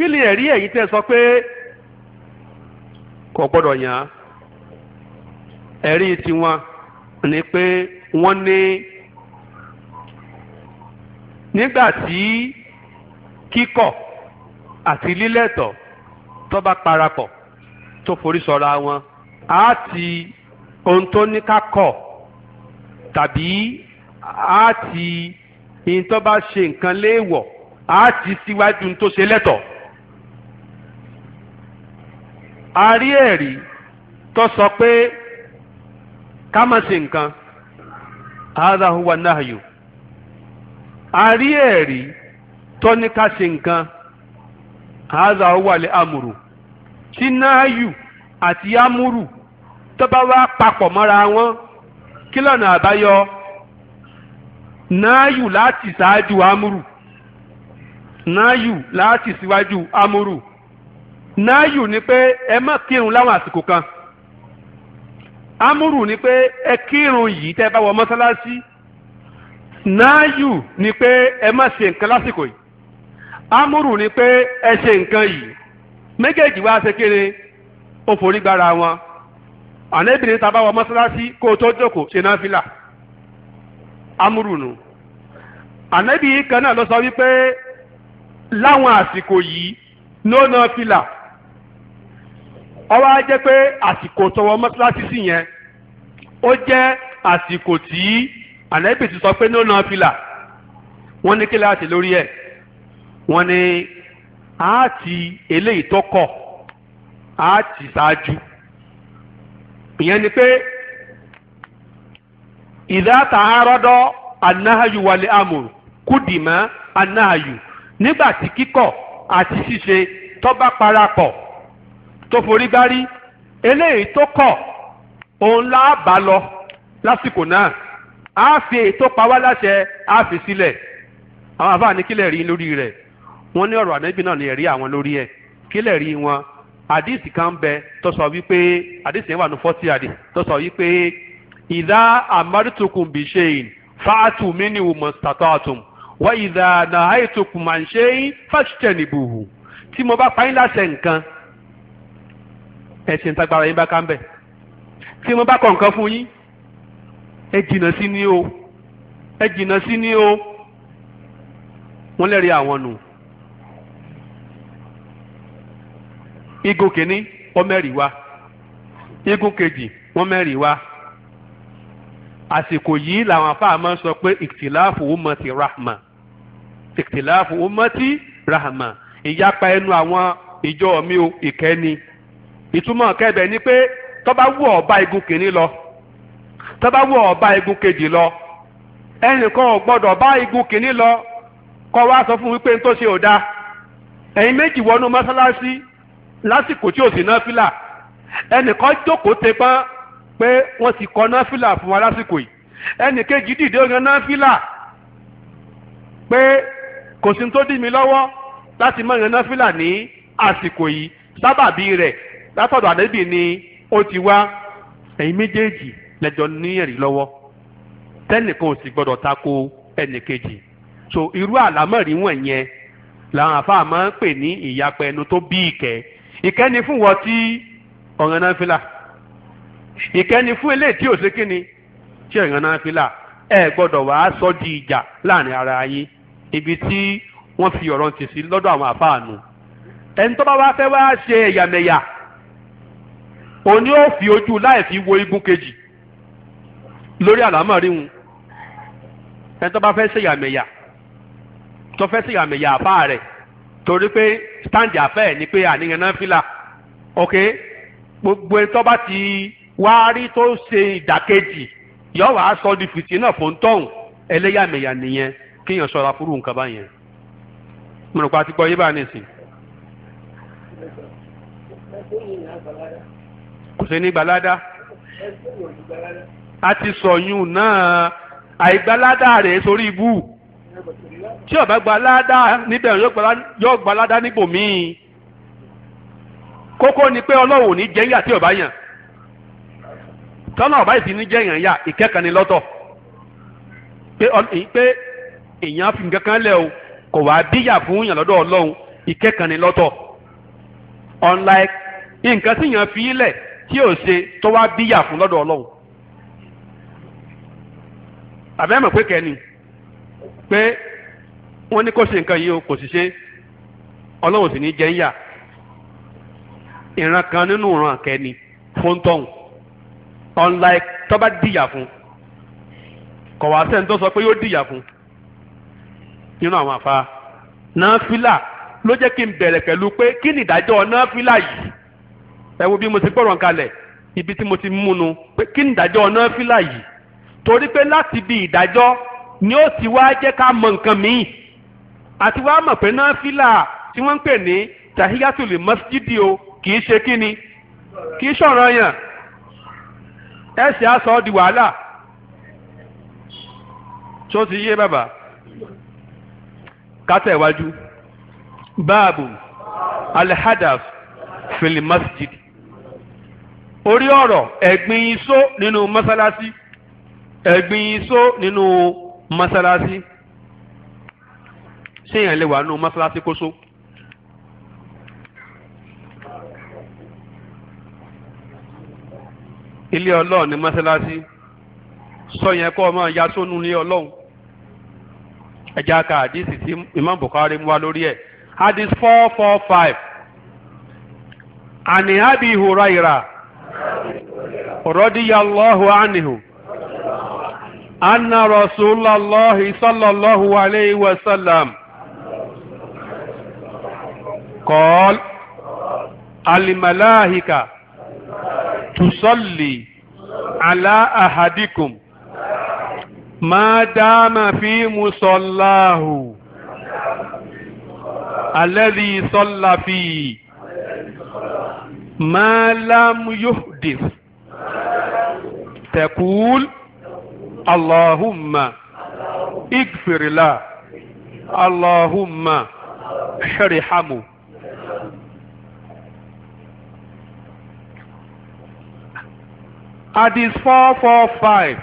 kí ni ẹ̀rí ẹ̀yin tẹ́ sọ pé kò gbọ́dọ̀ yàn án ẹ̀rí tiwọn ni pé wọ́n ní nígbà tí kíkọ̀ àti lílẹ̀tọ̀ tó bá parapọ̀ tó forí sọra wọn á ti ohun tó ní ká kọ̀ tàbí á ti ihun tó bá ṣe nǹkan léèwọ̀ á ti síwájú tó ṣe lẹ́tọ̀ọ́. ari eri ẹ̀rí tó sọ pé ká má ṣe nǹkan ari eri nahyu ẹ̀rí tó ní nǹkan amuru tí nahyu àti amuru tó bá wá papọ̀ mọ́ra wọn àbáyọ láti ṣáájú amuru. náàyù ni pé ẹ má kírun láwọn àsìkò kan amúrù ni pé ẹ kírun yìí tẹ́ bá wọ mọ́sálásí náàyù ni pé ẹ má ṣe nǹkan lásìkò yìí amúrù ni pé ẹ ṣe nǹkan yìí méjèèjì wá ṣe kéré ó forí gbára wọn ànábìrin tá a bá wọ mọ́sálásí kó o tó jókòó ṣe náà fìlà amúrù nù ànábìrin kan náà ló sọ wípé láwọn àsìkò yìí ló náà fìlà ó wá jẹ́ pé àsìkò tọwọ́ mọ́sálásí sí yẹn ó jẹ́ àsìkò tí ànábì ti sọ pé ní ó na fìlà wọ́n ní kíláàsì lórí ẹ̀ wọ́n ní àátì eléyìí tó kọ̀ àátì ṣáájú ìyẹn ni pé ìdáta arọ́dọ́ anáhayù wàlẹ̀ amòrò kùdìmọ́ anáhayù nígbà tí kíkọ̀ àti ṣíṣe tó bá tó forí gbárí eléyìí tó kọ̀ òun la bá lọ lásìkò náà a fi èyí tó pa wá láṣẹ a fi sílẹ̀ àwọn àbá ní kílẹ̀ rí lórí rẹ̀ wọ́n ní ọ̀rọ̀ ànábì náà lè rí àwọn lórí ẹ̀ kílẹ̀ rí wọn àdìsí kan bẹ tó sọ wípé àdìsí yẹn wà ní fọ́tì àdìsí tó wípé ìdá àmọ́rìtòkùn bì ṣe fáàtù mí ni wò mọ̀ sàtọ́ wọ́n ìdá nàáìtòkùn mà ń ṣe yìí fáṣítẹ̀ nìbùhù tí mo bá pa yín láṣẹ nǹkan ẹ̀sìn tagbara yín bá ká ń bẹ̀ tí mo bá kọ̀ nǹkan fún yín ẹ jìnnà sí ni o ẹ jìnnà sí ni o wọ́n lẹ́rìí àwọn nù. igun kìíní wọ́n mẹ́rìí wá igun kejì wọ́n mẹ́rìí wá àsìkò yìí làwọn afáà máa sọ pé ìtìláàfù umati rahma ìtìláàfù umati rahma ìyapa ẹnu àwọn ìjọ mi o ìkẹ́ni ìtumọ̀ kẹbẹ̀ ni pé tọ́ba wù ọba igun kìíní lọ tọ́ba wù ọba igun kejì lọ ẹnìkan ò gbọ́dọ̀ bá igun kìíní lọ kọ́ wa sọ fún wípé n tó ṣe ò da ẹ̀yin méjì wọnú mọ́sálásí lásìkò tí ò sí náfìlà ẹnìkan jókòó tepọ́n pé wọ́n ti kọ́ náfìlà fún wa lásìkò yìí ẹnìkejì dìde yan náfìlà pé kò sí tó dì mí lọ́wọ́ láti mọ̀ yan náfìlà ní àsìkò yìí sábàbí rẹ̀ látọ̀dọ̀ ànábì ni ó ti wá ẹ̀yin méjèèjì lẹ́jọ́ ní ẹ̀rí lọ́wọ́ tẹ́nìkan ò sì gbọ́dọ̀ tako ẹnìkejì so irú àlámọ̀rí wọ̀nyẹn làwọn àfáà máa ń pè ní ìyapẹ̀ ẹnu tó bí ìkẹ́ ìkẹ́ni fún wọ́n tí ọ̀ràn náà fi là ìkẹ́ni fún eléyìí tí ò sí kíni tí ọ̀ràn náà fi là ẹ gbọ́dọ̀ wàá sọ di ìjà láàrin ara yín ibi tí wọ́n fi ọ̀rọ̀ ti sí lọ́dọ̀ àwọn àfáà nù ẹni tó bá wá fẹ́ wá ṣe ẹ̀yàmẹ̀yà òní ò fi ojú láì fi wo igun kejì lórí àlámọ̀ rí wọn ẹni tó bá fẹ́ ṣèyàmẹ̀yà tó fẹ́ ṣèyàmẹ̀yà àfáà rẹ̀ torí pé stand àfẹ́ ni pé àníyàn náà fìlà ok gbogbo ẹni tó bá ti wá rí tó ṣe ìdàkejì yóò wá sọ di fìtínà fún tọ́hún ẹlẹ́yàmẹ̀yà nìyẹn kéèyàn ṣọ́ra fúrú nǹkan báyẹn mo rò pé a ti gbọ́ yé bá a kò sí ní gbalada a ti sọyún náà àìgbalada rẹ̀ sórí ibú tí ó bá gbalada níbẹ̀ yóò gbalada níbòmíì kókó ni pé ọlọ́run ò ní jẹ́ yà tí ó bá yàn tọ́lá ọ̀bá ìsìn ní jẹ́ yàn yà ìkẹ́kànnì lọ́tọ̀ pé èèyàn fi nǹkan kan lẹ̀ o kò wá bíyà fún yàn lọ́dọ̀ ọlọ́run ìkẹ́kànnì lọ́tọ̀ unlike nǹkan tí yàn fi lẹ̀ tí ò ṣe tó wá bíyà fún lọ́dọ̀ ọlọ́run àbẹ́ mọ̀ pé kẹ́ni pé wọ́n ní kó ṣe nǹkan yìí o kò sì ṣe ọlọ́run sì ní jẹ́ ń yà ìran kan nínú ìran kẹ́ni fún tọ́hún unlike tó bá dìyà fún kò wá sẹ́ni tó sọ pé yóò dìyà fún nínú àwọn àfa náà fílà ló jẹ́ kí n bẹ̀rẹ̀ pẹ̀lú pé kí ni ìdájọ́ náà fílà yìí ẹ wo bí mo ti gbọ́ràn kalẹ̀ ibi tí mo ti múnu pé kí ni ìdájọ́ náfìlà yìí torí pé láti bi ìdájọ́ ni ó ti wá jẹ́ ká mọ nǹkan míì àti wá mọ̀ pé náfìlà tí wọ́n ń pè ní tahiyatul masjidi o kì í ṣe kí ni kì í ṣọ̀ràn yàn ẹ̀sìn aṣọ di wàhálà tó ti yé bàbá kátà báàbù alhadaf fil masjid orí ọ̀rọ̀ ẹ̀gbin iṣó nínú mọ́sálásí ẹ̀gbin iṣó nínú mọ́sálásí ṣé èèyàn lè wà nínú mọ́sálásí kó só. ilé ọlọ́run ní mọ́sálásí sọ yẹn kọ́ ọmọ ìyá sónú ilé ọlọ́run ẹ̀já ka àdìsí tí Imam Bukhari mú wa lórí ẹ̀ hadith four four five àní Abi Hurairah. رضي الله عنه أن رسول الله صلى الله عليه وسلم قال الملائكة تصلي على أحدكم ما دام في مصلاه الذي صلى فيه ما لم يحدث تقول اللهم اغفر له اللهم ارحمه hadith four four five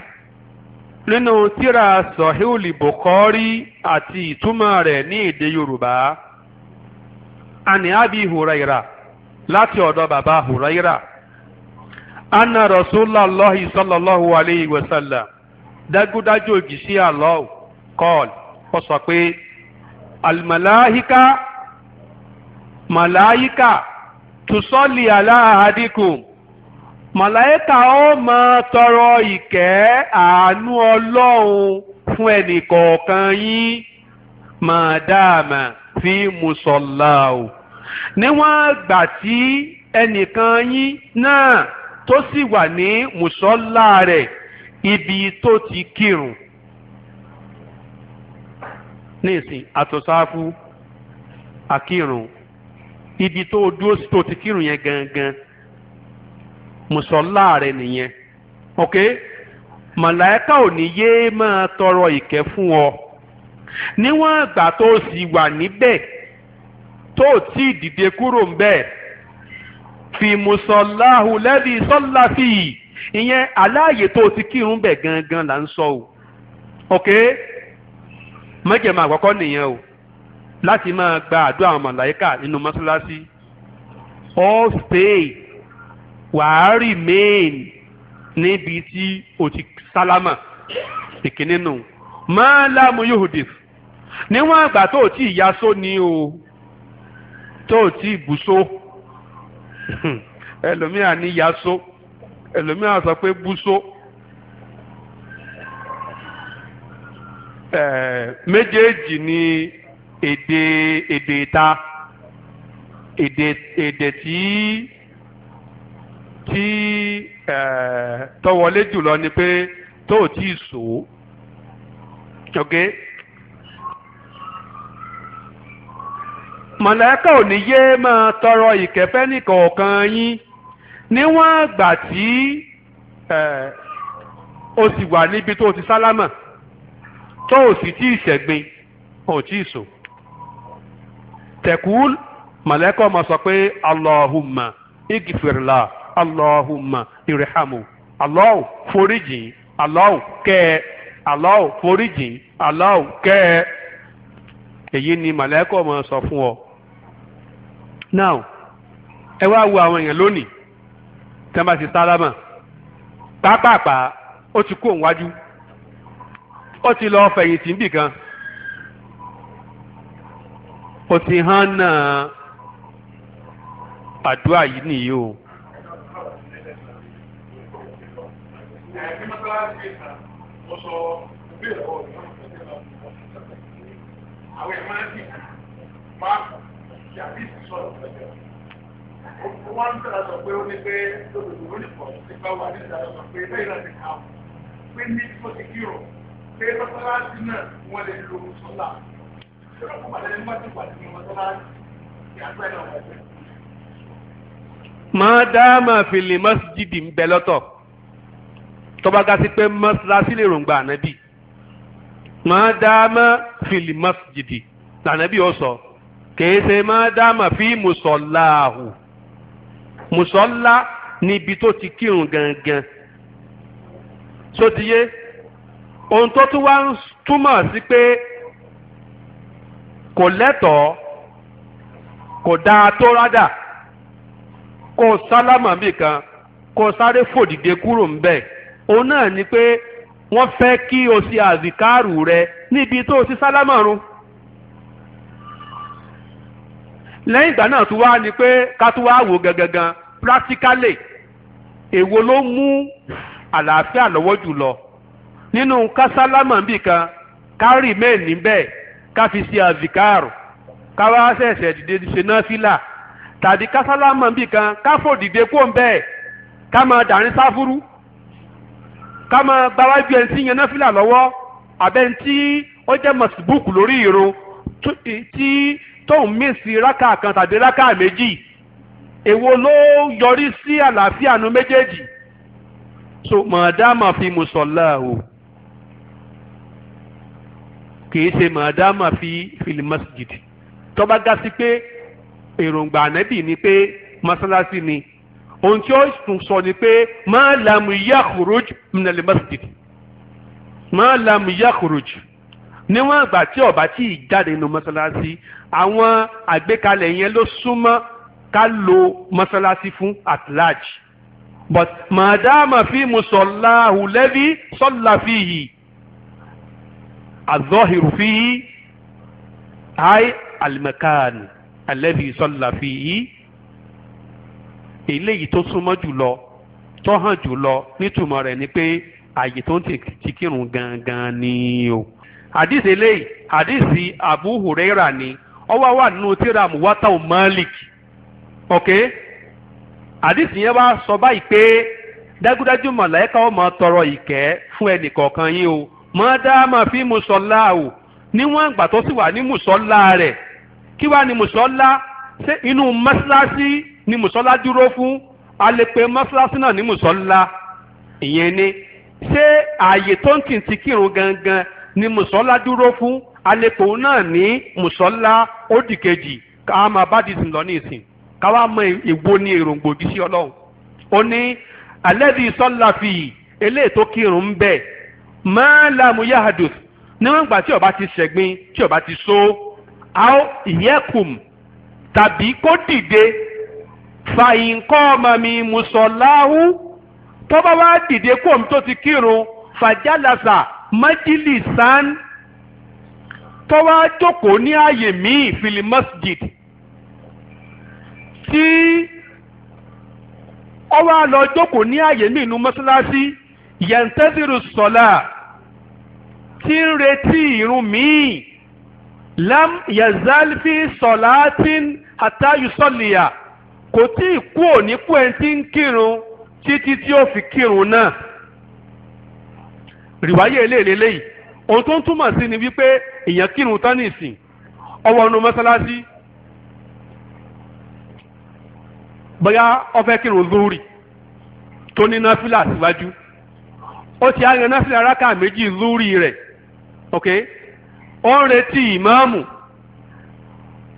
nínú tírà sọ̀híùlì bùkọ́rí àti ìtumọ̀ rẹ̀ ní èdè yorùbá àní àbí hùrẹ́yìrà láti ọ̀dọ̀ bàbá hùrẹ́yìrà. anna rasulallahi sallallahu alayhi wa sallam dájúdájú òjìṣẹ́ Allah kọ́ọ̀l ó sọ pé almalaika malaika tusọ́lì ala malaika ó máa tọrọ ìkẹ́ àánú ọlọ́run fún ẹnì kọ̀ọ̀kan yín màdàmà fi mùsọ̀lá o níwọ̀n gbà tí ẹnìkan yín tó sì wà ní mùsọ́lá rẹ̀ ibi tó ti kírun nísìn àtọ̀sáfù akírun ibi tó dúró sí tó ti kírun yẹn gangan mùsọ́lá rẹ̀ nìyẹn ok màláíkà ò ní yéé máa tọrọ ìkẹ́ fún ọ níwọ̀n ìgbà tó sì wà níbẹ̀ tó tí ì dìde kúrò ń bẹ́ẹ̀ fi mùsọ̀láhù lẹ́bí sọ́lá sí i ìyẹn aláàyè tó ti kírun bẹ̀ gangan là ń sọ o ok mẹ́jẹ̀mọ́ àkọ́kọ́ nìyẹn o láti máa gba àdúrà àwọn màláíkà nínú mọ́ṣáláṣí all stay wàá remain níbi tí o ti sálámà ìkíní nù máa láàmú yóòdìf níwọ̀n àgbà tó o tí ì o tó o tí ì ẹlòmíà ní yasó ẹlòmíà sọ pé búso méjèèjì ní èdè èdè ìta èdè èdè tí tí tọwọlé jùlọ ni pé tó ò tí ì sòó. Okay? mọ̀lẹ́kà ò ní yé máa tọrọ ìkẹ́fẹ́ nìkọ̀ọ̀kan yín níwọ̀n àgbà tí o sì wà níbi tó ti sálámà tó o sì tí ì ṣẹ̀gbin o tí ì sò tẹ̀kú mọ̀lẹ́kà ọmọ sọ pé Allahumma igifirila Allahumma irhamu Allah foríjìn Allah kẹ́ Allah foríjìn Allah kẹ́ èyí ni mọ̀lẹ́kà ọmọ sọ fún ọ. now ẹ wá wo àwọn èèyàn lónìí tẹ́ bá ti sálámà pápápá ó ti kó òǹwájú ó ti lọ fẹ̀yìntì níbì kan ó ti hàn náà àdúrà yìí nìyí o. Thank you. yàrá ìsọ̀ ìgbàjọ́. Wọ́n ń tẹ̀lé sọ pé ó ní pé lóòótọ́ olùkọ́ ti bá wà ní ìdájọ́ sọ pé bẹ́ẹ̀ náà ti kà Pé ní tó ti kírò pé mọ́sálásí náà wọ́n lè lo sọ́là. Ìjọba kò pàdé ní mọ́tò pàdé ní mọ́sálásí ìyàgbẹ́ náà wà jẹ́. Máa dá máa fi lè mọ́sídìdì ń bẹ lọ́tọ̀. Tọ́ba ga sí pé mọ́sálásí lè rògbà ànábì. Máa dá máa fi lè mọ́sídìdì lànàbì ó sọ kèése máa dáàmà fí mùsọ̀lá àhù mùsọ̀lá níbi tó ti kírun gangan sotiye ohun tó tún wá ń túmọ̀ sí pé kò lẹ́tọ̀ọ́ kò dáa tó rádà kó sálámà bì kan sáré fòdìdé kúrò ńbẹ̀ òun náà ni pé wọ́n fẹ́ kí o ṣe àzìkárù rẹ níbi tó o ti sálámà run. lẹ́yìn ìgbà náà tún wá ni pé ká wá wò gangan practically èwo ló mú àlàáfíà lọ́wọ́ jùlọ nínú kásálámà bì kan ká rì mẹ́ẹ̀ níbẹ̀ ká fi ṣe àzìkáàrò ká wá ṣẹ̀ṣẹ̀ dìde ṣe náà fílà tàbí kásálámà bì kan ká fò dìde kó ń bẹ́ẹ̀ ká máa sáfúrú ká máa gba wájú ẹni tí yan náà lọ́wọ́ ó jẹ́ lórí tó ń mísì rákà kan tàbí rákà méjì èwo ló yọrí sí àlàáfíà nu méjèèjì so mọ̀ọ́dámà fi mùsọ̀lá o kìí ṣe mọ̀ọ́dámà fi filimasjid tó bá ga sí pé èròǹgbà ànábì ni pé mọ́sálásí ni ohun tí ó tún sọ ni pé máa làmú yá kúròjù minal masjid máa làmú yá kúròjù níwọ̀n àgbà tí ọba tí ì jáde nínú mọ́ṣáláṣí àwọn àgbékalẹ̀ yẹn ló súnmọ́ ká lo mọ́ṣáláṣí fún at large but màdàmà fi mùsọ̀láhù lẹ́bí sọ́là fi yìí àzọ́hìrù fi yìí àì àlùmọ̀kánì àlẹ́bí sọ́là fi yìí eléyìí tó súnmọ́ jùlọ tó jùlọ nítumọ̀ rẹ̀ ni pé àyè tó ń ti kírun gangan ni o. hadith eléyìí hadith Abu Huraira ni ọwọ́ wà nínú tíra muwata Malik ok hadith yẹn wá sọ báyìí pé dájúdájú mọ̀láyíká ọmọ tọrọ ìkẹ́ fún ẹnì kọ̀ọ̀kan o mọ́ dáàmà fí mùsọ̀lá o níwọ̀n ìgbà tó sì wà ní mùsọ̀lá rẹ̀ kí wàá ní mùsọ̀lá ṣé inú mọ́ṣáláṣí ni mùsọ̀lá dúró fún a lè mọ́ṣáláṣí náà ní mùsọ̀lá ìyẹn ni ṣé ààyè tó ń tì ń ti kírun gangan ni mùsọ́lá dúró fún alẹ́pọ̀ náà ní mùsọ́lá ódìkejì ká máa bá dìsìn lọ ní ìsìn ká wá mọ èwo ní èròǹgbò bí sí ọlọ́run ó ní alẹ́bí sọ́lá fi eléyìí tó kírun ń bẹ̀ máa láàmú yahadus níwọ̀n ìgbà tí ó bá ti ṣẹ̀gbin tí ó ti so ao ìyẹ́kùm tàbí kó dìde fàyínkọ́ ọmọ mi mùsọ̀láhù tó bá dìde kó omi tó ti kírun fàjálàsà majlisan tọ́wá jókòó ní ààyè míì fili masjid tí ó lọ jókòó ní ààyè míì nínú mọ́ṣáláṣí yẹ̀ǹtẹ́sìrì sọ̀lá tí n retí irun míì lam yazalfi sọ̀láàtín Atayusoliya. kò tí ì kúò ní kú ẹni tí ń kírun títí tí ó fi kírun náà. rìwáyé eléèlé léyìí ohun tó ń túmọ̀ sí ni wípé èèyàn kírun tán ní ìsìn ọwọ́ inú mọ́sálásí bóyá ó fẹ́ kírun zúrì tó ní náfìlà síwájú ó ti àyàn náfìlà rákà méjì zúrì rẹ̀ ok ó ń retí ìmáàmù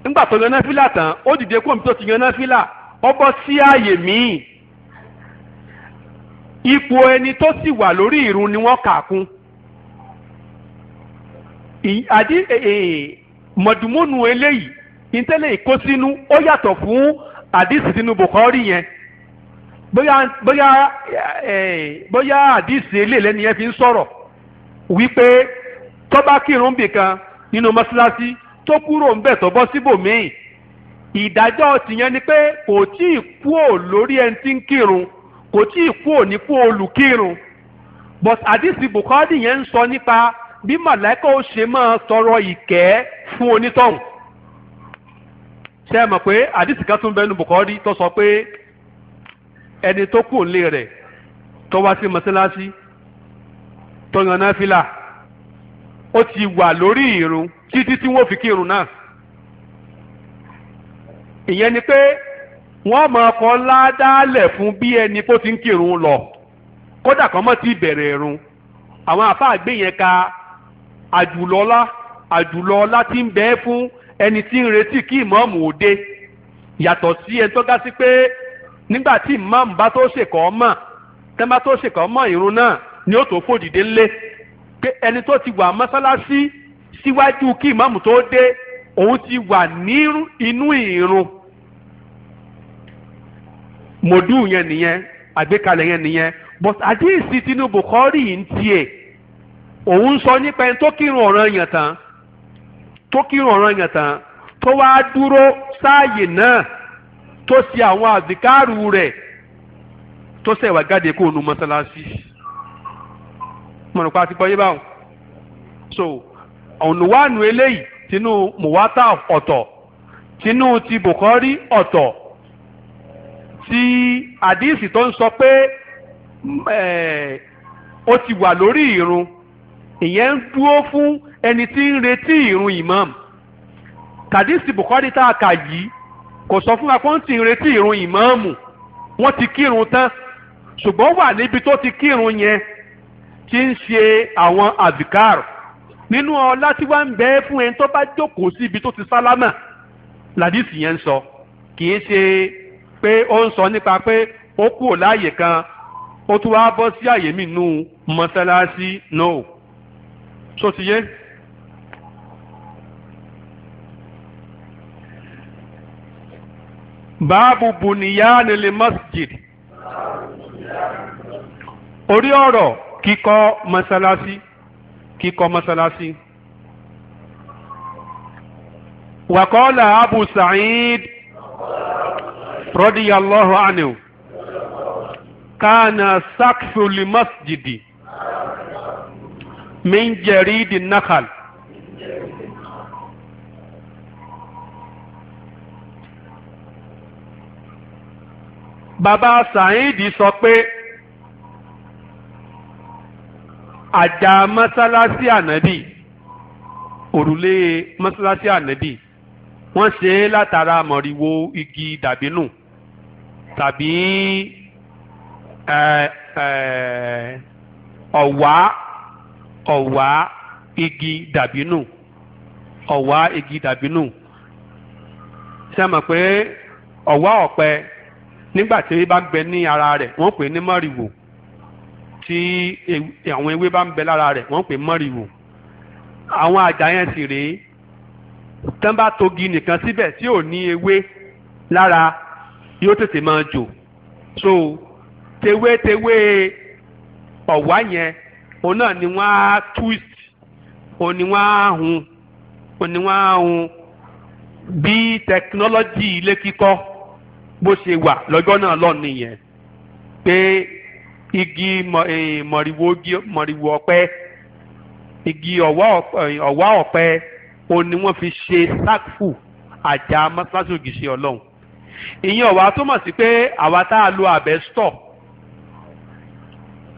nígbà tó yan náfìlà tán ó dìde kóńtò ti yan náfìlà ó bọ́ sí ààyè míì ipò ẹni tó sì wà lórí ìrun ni wọ́n kà kún mọ̀dùmọ́nù eléyìí ìtẹ́lẹ̀ ìkó sínú ó yàtọ̀ fún àdìsí sínú bùkọ́rí yẹn bóyá bóyá ni fi ń sọ̀rọ̀ wípé tó kirun kírun nínú mọ́ṣáláṣí tó kúrò ń bẹ̀ tó bọ́ síbòmíì ìdájọ́ tìyẹn ni pé kò tí ì lórí ẹni tí kò tí ì kú òní kú olùkírun but àdìsí Bukhari yẹn ń sọ nípa bí màláìkà ó ṣe máa tọrọ ìkẹ́ fún onítọ̀hún ṣe é mọ̀ pé àdìsí kan tún bẹnu Bukhari tó sọ pé ẹni tó kù nílé rẹ̀ tó wá sí mọ́sálásí tó yan náfìlà ó ti wà lórí ìrun títí tí wọ́n fi kírun náà ìyẹn ni pé wọ́n mọ̀ ọkọ̀ ládàálẹ̀ fún bí ẹni tó ti ń kírun lọ kódà kan mọ̀ ti bẹ̀rẹ̀ ìrun àwọn àfáà gbé yẹn ka àjùlọ́lá àjùlọ́lá ti ń bẹ fún ẹni tí ń retí kí ìmọ̀ọ́mù ò dé yàtọ̀ sí ẹni tó ga sí pé nígbà tí ìmọ̀ọ́mù bá tó ṣèkọ́ mọ̀ tẹ́nbá tó ṣèkọ́ mọ̀ ìrun náà ni ó tó fòdìdé ńlé pé ẹni tó ti wà mọ́sálásí síwájú kí ìmọ̀ọ́mù tó dé òun ti wà ní inú ìrun mòdù yẹn nìyẹn àgbékalẹ̀ yẹn nìyẹn but àdéhìsí Tinubu kọ́rí ń tiẹ̀ òun sọ nípa ẹni tó kírun ọ̀ràn yẹn tán tó kírun ọ̀ràn yẹn tán tó wáá dúró sáàyè náà tó ṣe àwọn àzìkárù rẹ̀ tó ṣẹ̀wá jáde kó nu mọ́sálásí mọ̀nùpá ti gbọ́yé báwọn so ọ̀nà wánu eléyìí tinú mùwátà ọ̀tọ̀ tinú ti Bukhari ọ̀tọ̀ ti àdíìsì tó ń sọ pé eh, ó ti wà lórí ìrun ìyẹn ń dúró fún ẹni tí ń retí ìrun imam kàdíìsì Bukhari tá a kà yìí kò sọ fún wa kó ń tì ń retí ìrun ìmáàmù wọ́n ti kírun tán ṣùgbọ́n wà níbi tó ti kírun yẹn tí ń ṣe àwọn àzìkárò nínú ọlá tí wàá ń bẹ fún ẹni tó bá jókòó sí ibi tó ti sálámà làdíìsì yẹn ń sọ kì í ṣe pé ó ń sọ nípa pé ó kúrò láàyè kan ó tún wá bọ́ sí àyè mi nù mọ́sálásí náà so ti yé. báàbù bùnìyàn lè masjid orí ọ̀rọ̀ kíkọ́ mọ́sálásí kíkọ́ mọ́sálásí. wàkọ́lá abu sa'id رضي الله عنه كان سقف المسجد من جريد النخل bàbá Saheed sọ pé àjà mọ́sálásí ànábì òrùlé mọ́sálásí ànábì wọ́n ṣe é látara mọ̀rìwò igi dàbínù tàbí ọ̀wá ọ̀wá igi dàbínù ọ̀wá igi dàbínù ṣé mọ̀ pé ọ̀wá ọ̀pẹ nígbà tí ewé bá ń bẹ ní ara rẹ̀ wọ́n pè é ní mọ́rìwò tí e, àwọn ewé bá ń bẹ lára rẹ̀ wọ́n pè é mọ́rìwò àwọn àjà yẹn sì rèé tán bá togi nìkan síbẹ̀ tí ò ní ewé lára yóò tètè máa jò so tewétewé ọ̀wá yẹn òun náà ni wọ́n á twist òun ni wọ́n á hun òun ni wọ́n á hun bí tẹkinọ́lọ́jì ilé kíkọ́ bó ṣe wà lọ́jọ́ náà lọ nìyẹn pé igi mọ̀rìwò eh, mọ̀rìwò ọ̀pẹ igi ọ̀wá ọ̀pẹ òun ni wọ́n fi ṣe sákfù àjà mọ́sáàsì ògìṣẹ́ ọlọ́run ìyẹn ọ̀wá túmọ̀ sí pé àwa tá a lo àbẹ́sítọ̀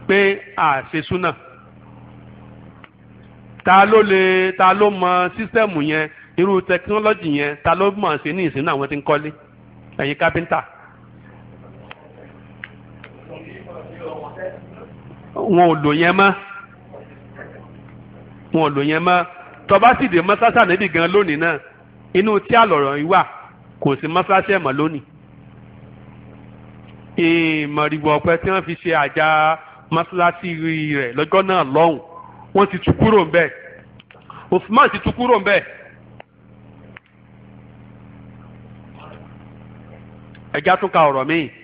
pé a ṣe súnà ta ló lè ta ló mọ sísẹ́mù yẹn irú tẹkinọ́lọ́jì yẹn ta ló mọ̀ ṣe ní ìsìn náà wọ́n ti ń kọ́lé ẹ̀yin kápẹ́ńtà. wọn ò lò yẹn mọ́ wọn ò lò yẹn mọ́ tọ́ba sì dé mọ́ sásà níbi gan lónìí náà inú tí àlọ́rọ̀ yìí wà kò sí mọ́ṣáláṣí ẹ̀mọ́ lónìí ìmọ̀rìbọ̀ ọ̀pẹ tí wọ́n fi ṣe àjà mọ́ṣáláṣí rẹ̀ lọ́jọ́ náà lọ́hùn wọ́n ti tú kúrò ń bẹ̀ Usman ti tú kúrò ń bẹ̀. ẹja tún ka ọ̀rọ̀ míì.